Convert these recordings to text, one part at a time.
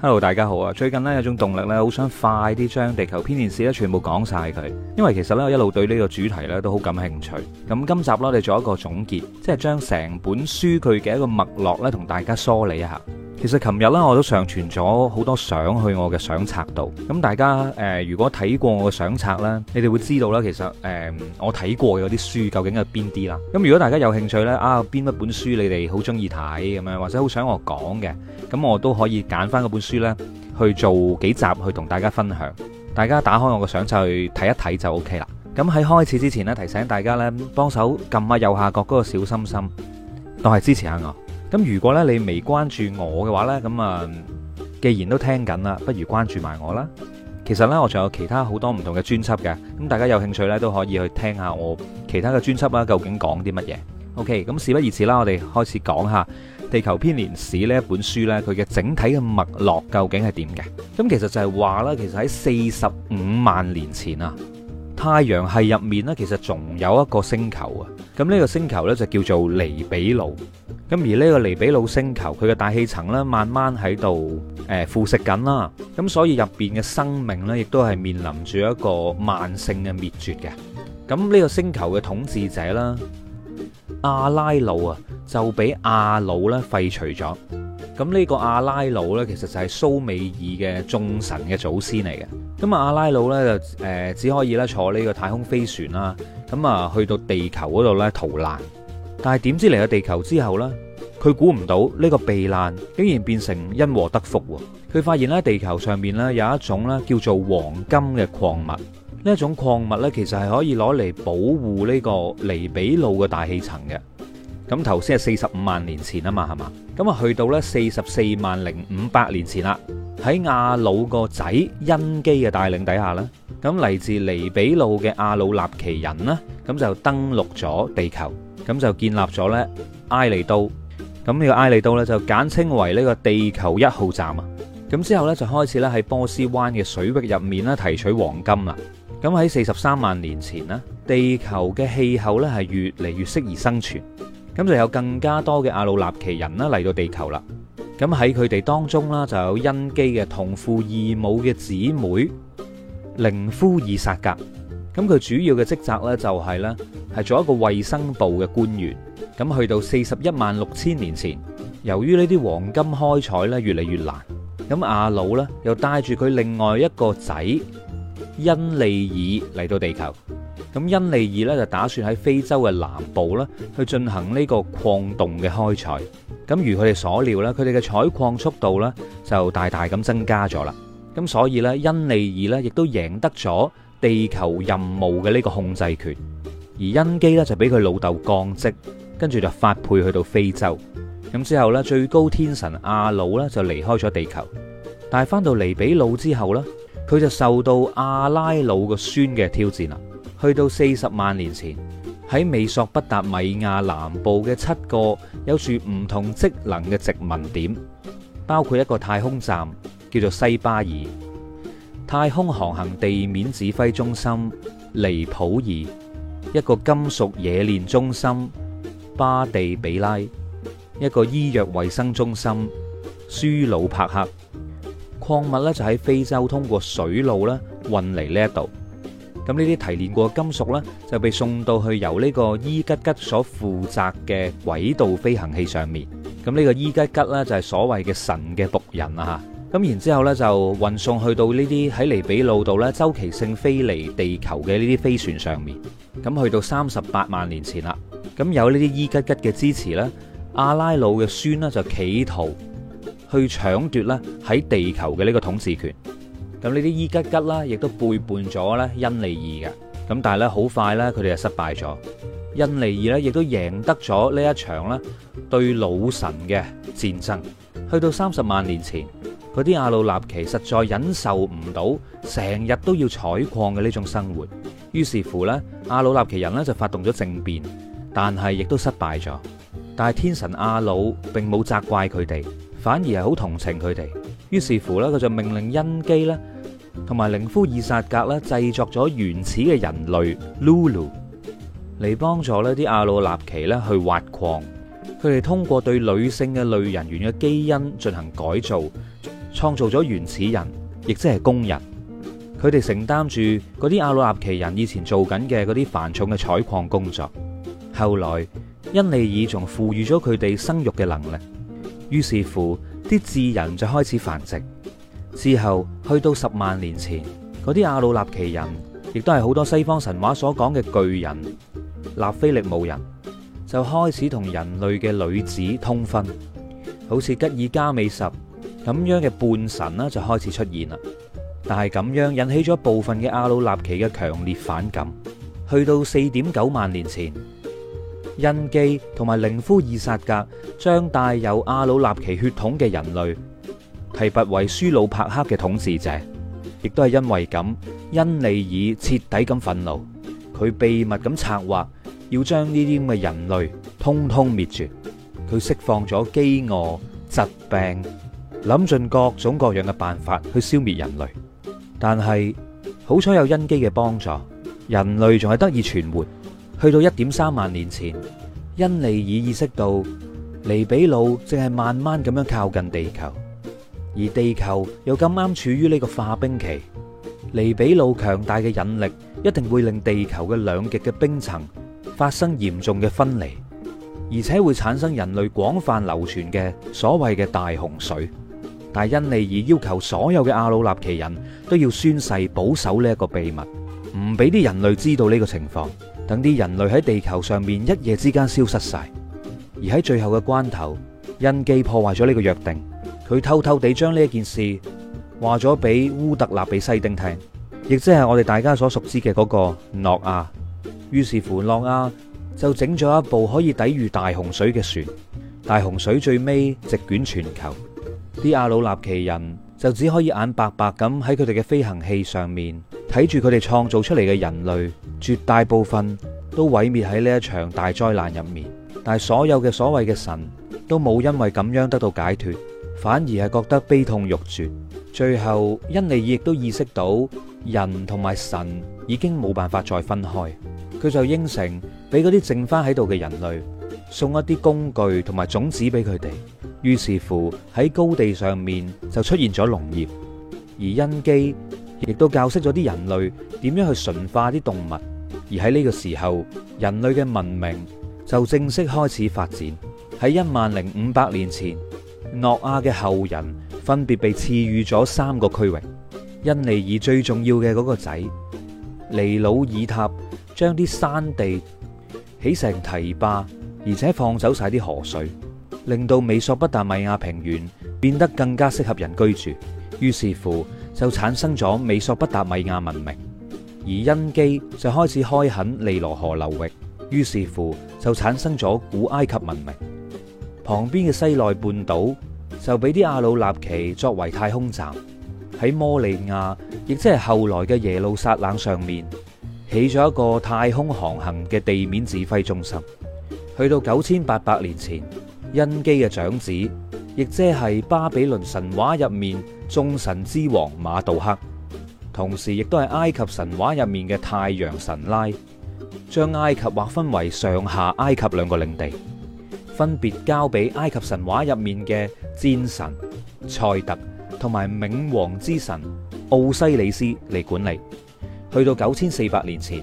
hello，大家好啊！最近呢，有種動力呢，好想快啲將地球編年史咧全部講晒佢，因為其實呢，我一路對呢個主題呢都好感興趣。咁今集呢，我哋做一個總結，即係將成本書佢嘅一個脈絡呢，同大家梳理一下。其實琴日啦，我都上傳咗好多相去我嘅相冊度。咁大家誒、呃，如果睇過我嘅相冊呢，你哋會知道啦。其實誒、呃，我睇過嘅啲書究竟係邊啲啦。咁如果大家有興趣呢，啊，邊一本書你哋好中意睇咁樣，或者好想我講嘅，咁我都可以揀翻嗰本書呢去做幾集去同大家分享。大家打開我嘅相冊去睇一睇就 OK 啦。咁喺開始之前呢，提醒大家呢，幫手撳下右下角嗰個小心心，當係支持下我。咁如果咧你未關注我嘅話呢，咁啊，既然都聽緊啦，不如關注埋我啦。其實呢，我仲有其他好多唔同嘅專輯嘅，咁大家有興趣呢，都可以去聽下我其他嘅專輯啊，究竟講啲乜嘢？OK，咁事不宜遲啦，我哋開始講下《地球編年史》呢一本書呢，佢嘅整體嘅脈絡究竟係點嘅？咁其實就係話啦，其實喺四十五萬年前啊，太陽系入面呢，其實仲有一個星球啊。咁呢個星球呢，就叫做尼比魯，咁而呢個尼比魯星球佢嘅大氣層呢，慢慢喺度誒腐蝕緊啦，咁、嗯、所以入邊嘅生命呢，亦都係面臨住一個慢性嘅滅絕嘅。咁、嗯、呢、這個星球嘅統治者啦，阿、啊、拉魯就啊就俾阿魯咧廢除咗。咁、嗯、呢、這個阿、啊、拉魯呢，其實就係蘇美爾嘅眾神嘅祖先嚟嘅。咁、嗯、啊阿拉魯呢，就、呃、誒只可以咧坐呢個太空飛船啦。咁啊，去到地球嗰度咧逃難，但係點知嚟到地球之後咧，佢估唔到呢個避難竟然變成因禍得福，佢發現咧地球上面咧有一種咧叫做黃金嘅礦物，呢一種礦物咧其實係可以攞嚟保護呢個尼比魯嘅大氣層嘅。咁頭先係四十五萬年前啊嘛，係嘛？咁啊去到咧四十四萬零五百年前啦，喺亞魯個仔恩基嘅帶領底下咧。咁嚟自尼比魯嘅阿努納奇人呢，咁就登陸咗地球，咁就建立咗咧埃利都，咁、這、呢個埃利都咧就簡稱為呢個地球一號站啊。咁之後呢，就開始咧喺波斯灣嘅水域入面咧提取黃金啦。咁喺四十三萬年前呢，地球嘅氣候呢係越嚟越適宜生存，咁就有更加多嘅阿努納奇人呢嚟到地球啦。咁喺佢哋當中啦就有恩基嘅同父異母嘅姊妹。寧夫爾薩格，咁佢主要嘅職責呢、就係，就係呢，係做一個衛生部嘅官員。咁去到四十一萬六千年前，由於呢啲黃金開採呢越嚟越難，咁阿努呢又帶住佢另外一個仔恩利爾嚟到地球。咁恩利爾呢，就打算喺非洲嘅南部呢去進行呢個礦洞嘅開採。咁如佢哋所料呢，佢哋嘅採礦速度呢，就大大咁增加咗啦。咁所以呢，恩利爾呢亦都贏得咗地球任務嘅呢個控制權，而恩基呢，就俾佢老豆降職，跟住就發配去到非洲。咁之後呢，最高天神阿魯呢就離開咗地球，但係翻到尼比魯之後呢，佢就受到阿拉魯個孫嘅挑戰啦。去到四十萬年前，喺美索不達米亞南部嘅七個有住唔同職能嘅殖民點，包括一個太空站。叫做西巴爾太空航行地面指揮中心，尼普爾一個金屬冶煉中心，巴地比拉一個醫藥衛生中心，舒魯帕克礦物咧就喺非洲通過水路啦運嚟呢一度。咁呢啲提煉過金屬咧就被送到去由呢個伊吉吉所負責嘅軌道飛行器上面。咁、這、呢個伊吉吉咧就係所謂嘅神嘅僕人啊！咁然之後呢，就運送去到呢啲喺尼比魯度呢，周期性飛離地球嘅呢啲飛船上面。咁去到三十八萬年前啦，咁有呢啲伊吉吉嘅支持呢，阿拉魯嘅孫呢，就企圖去搶奪呢喺地球嘅呢個統治權。咁呢啲伊吉吉啦，亦都背叛咗呢恩利爾嘅。咁但係呢，好快呢，佢哋就失敗咗。恩利爾呢，亦都贏得咗呢一場呢對老神嘅戰爭。去到三十萬年前。嗰啲阿努納奇實在忍受唔到，成日都要採礦嘅呢種生活。於是乎呢，阿努納奇人呢就發動咗政變，但係亦都失敗咗。但係天神阿努並冇責怪佢哋，反而係好同情佢哋。於是乎呢，佢就命令恩基咧同埋寧夫爾薩格咧製作咗原始嘅人類 Lulu 嚟幫助呢啲阿努納奇呢去挖礦。佢哋通過對女性嘅類人猿嘅基因進行改造。創造咗原始人，亦即係工人，佢哋承擔住嗰啲阿努納奇人以前做緊嘅嗰啲繁重嘅採礦工作。後來，恩利爾仲賦予咗佢哋生育嘅能力，於是乎，啲智人就開始繁殖。之後去到十萬年前，嗰啲阿努納奇人亦都係好多西方神話所講嘅巨人納菲力姆人，就開始同人類嘅女子通婚，好似吉爾加美什，咁樣嘅半神呢，就開始出現啦。但係咁樣引起咗部分嘅阿努納奇嘅強烈反感。去到四點九萬年前，恩基同埋靈夫爾薩格將帶有阿努納奇血統嘅人類提拔為舒魯帕克嘅統治者，亦都係因為咁，恩利爾徹底咁憤怒，佢秘密咁策劃要將呢啲咁嘅人類通通滅絕。佢釋放咗飢餓、疾病。疾病諗盡各種各樣嘅辦法去消滅人類，但係好彩有恩基嘅幫助，人類仲係得以存活。去到一點三萬年前，恩利爾意識到尼比魯正係慢慢咁樣靠近地球，而地球又咁啱處於呢個化冰期，尼比魯強大嘅引力一定會令地球嘅兩極嘅冰層發生嚴重嘅分離，而且會產生人類廣泛流傳嘅所謂嘅大洪水。但恩利爾要求所有嘅阿努納奇人都要宣誓保守呢一個秘密，唔俾啲人類知道呢個情況，等啲人類喺地球上面一夜之間消失晒。而喺最後嘅關頭，恩基破壞咗呢個約定，佢偷偷地將呢件事話咗俾烏特納比西丁聽，亦即係我哋大家所熟知嘅嗰個諾亞。於是乎，諾亞就整咗一部可以抵禦大洪水嘅船，大洪水最尾席捲全球。啲阿魯納奇人就只可以眼白白咁喺佢哋嘅飛行器上面睇住佢哋創造出嚟嘅人類，絕大部分都毀滅喺呢一場大災難入面。但係所有嘅所謂嘅神都冇因為咁樣得到解脫，反而係覺得悲痛欲絕。最後，恩利爾亦都意識到人同埋神已經冇辦法再分開，佢就應承俾嗰啲剩翻喺度嘅人類送一啲工具同埋種子俾佢哋。於是乎喺高地上面就出現咗農業，而恩基亦都教識咗啲人類點樣去馴化啲動物，而喺呢個時候，人類嘅文明就正式開始發展。喺一萬零五百年前，諾亞嘅後人分別被賜予咗三個區域。恩尼爾最重要嘅嗰個仔尼魯爾塔將啲山地起成堤壩，而且放走晒啲河水。令到美索不達米亞平原變得更加適合人居住，於是乎就產生咗美索不達米亞文明；而恩基就開始開墾尼羅河流域，於是乎就產生咗古埃及文明。旁邊嘅西奈半島就俾啲阿努納奇作為太空站，喺摩利亞，亦即係後來嘅耶路撒冷上面起咗一個太空航行嘅地面指揮中心。去到九千八百年前，恩基嘅長子，亦即係巴比倫神話入面眾神之王馬杜克，同時亦都係埃及神話入面嘅太陽神拉，將埃及劃分為上下埃及兩個領地，分別交俾埃及神話入面嘅戰神塞特同埋冥王之神奧西里斯嚟管理。去到九千四百年前，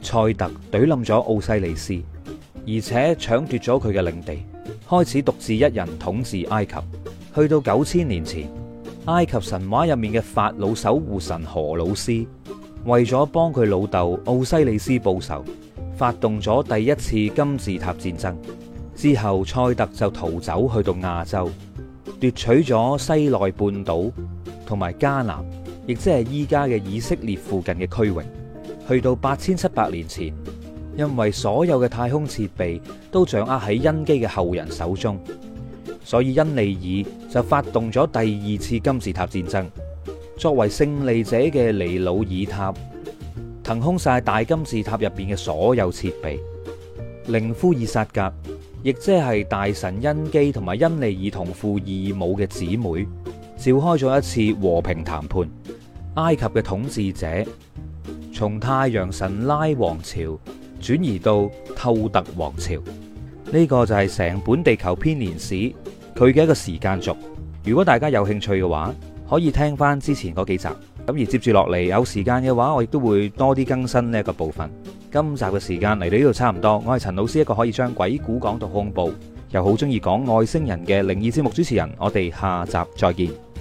塞特懟冧咗奧西里斯，而且搶奪咗佢嘅領地。開始獨自一人統治埃及，去到九千年前，埃及神話入面嘅法老守護神荷魯斯，為咗幫佢老豆奧西里斯報仇，發動咗第一次金字塔戰爭。之後，塞特就逃走去到亞洲，奪取咗西奈半島同埋迦南，亦即係依家嘅以色列附近嘅區域。去到八千七百年前。因為所有嘅太空設備都掌握喺恩基嘅後人手中，所以恩利爾就發動咗第二次金字塔戰爭。作為勝利者嘅尼魯爾塔騰空晒大金字塔入邊嘅所有設備，寧夫爾薩格，亦即係大神恩基同埋恩利爾同父異母嘅姊妹，召開咗一次和平談判。埃及嘅統治者從太陽神拉王朝，轉移到透特王朝，呢、這個就係成本地球編年史佢嘅一個時間軸。如果大家有興趣嘅話，可以聽翻之前嗰幾集。咁而接住落嚟有時間嘅話，我亦都會多啲更新呢一個部分。今集嘅時間嚟到呢度差唔多，我係陳老師一個可以將鬼故講到恐怖，又好中意講外星人嘅靈異節目主持人。我哋下集再見。